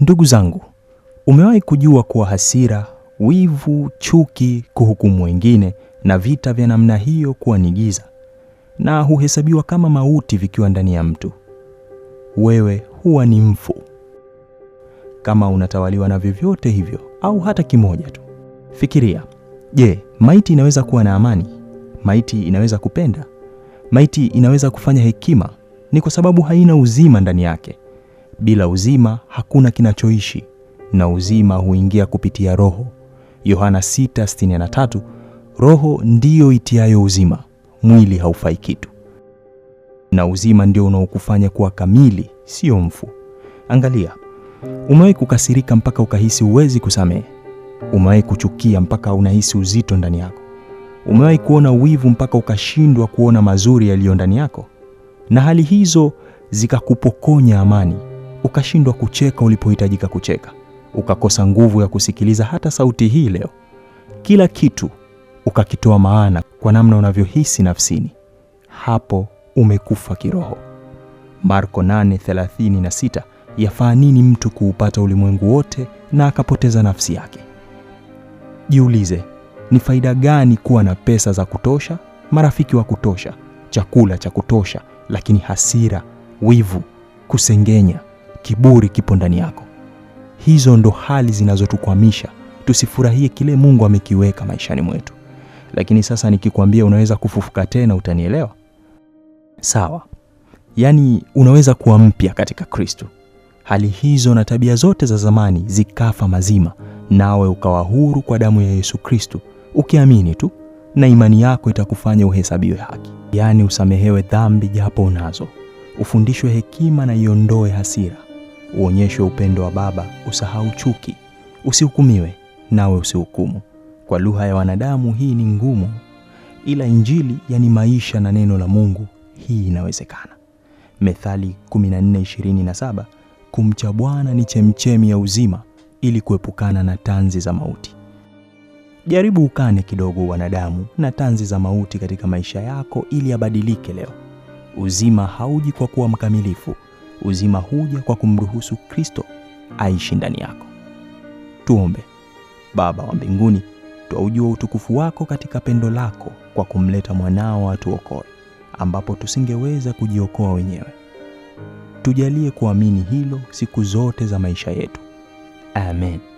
Ndugu zangu, umewahi kujua kuwa hasira, wivu, chuki, kuhukumu wengine na vita vya namna hiyo kuwa ni giza na huhesabiwa kama mauti vikiwa ndani ya mtu? Wewe huwa ni mfu kama unatawaliwa na vyovyote hivyo au hata kimoja tu. Fikiria, je, maiti inaweza kuwa na amani? Maiti inaweza kupenda? Maiti inaweza kufanya hekima? Ni kwa sababu haina uzima ndani yake. Bila uzima hakuna kinachoishi na uzima huingia kupitia Roho. Yohana 6:63. Roho ndiyo itiayo uzima, mwili haufai kitu, na uzima ndio unaokufanya kuwa kamili, sio mfu. Angalia, umewahi kukasirika mpaka ukahisi uwezi kusamehe? Umewahi kuchukia mpaka unahisi uzito ndani yako? Umewahi kuona wivu mpaka ukashindwa kuona mazuri yaliyo ndani yako? Na hali hizo zikakupokonya amani, ukashindwa kucheka ulipohitajika kucheka, ukakosa nguvu ya kusikiliza hata sauti hii leo. Kila kitu ukakitoa maana kwa namna unavyohisi nafsini. Hapo umekufa kiroho. Marko 8:36 yafaa nini mtu kuupata ulimwengu wote na akapoteza nafsi yake? Jiulize, ni faida gani kuwa na pesa za kutosha, marafiki wa kutosha, chakula cha kutosha, lakini hasira, wivu, kusengenya, kiburi kipo ndani yako. Hizo ndo hali zinazotukwamisha tusifurahie kile Mungu amekiweka maishani mwetu. Lakini sasa nikikwambia unaweza kufufuka tena, utanielewa sawa? Yaani unaweza kuwa mpya katika Kristo. Hali hizo na tabia zote za zamani zikafa mazima, nawe ukawa huru kwa damu ya Yesu Kristo, ukiamini tu na imani yako itakufanya uhesabiwe haki, yaani usamehewe dhambi japo unazo, ufundishwe hekima na iondoe hasira uonyeshwe upendo wa Baba, usahau chuki, usihukumiwe nawe usihukumu. Kwa lugha ya wanadamu hii ni ngumu, ila Injili, yani maisha na neno la Mungu, hii inawezekana. Methali 14:27, kumcha Bwana ni chemchemi ya uzima, ili kuepukana na tanzi za mauti. Jaribu ukane kidogo wanadamu na tanzi za mauti katika maisha yako, ili abadilike leo. Uzima hauji kwa kuwa mkamilifu Uzima huja kwa kumruhusu Kristo aishi ndani yako. Tuombe. Baba wa mbinguni, twaujua utukufu wako katika pendo lako kwa kumleta mwanao atuokoe, ambapo tusingeweza kujiokoa wenyewe. Tujalie kuamini hilo siku zote za maisha yetu. Amen.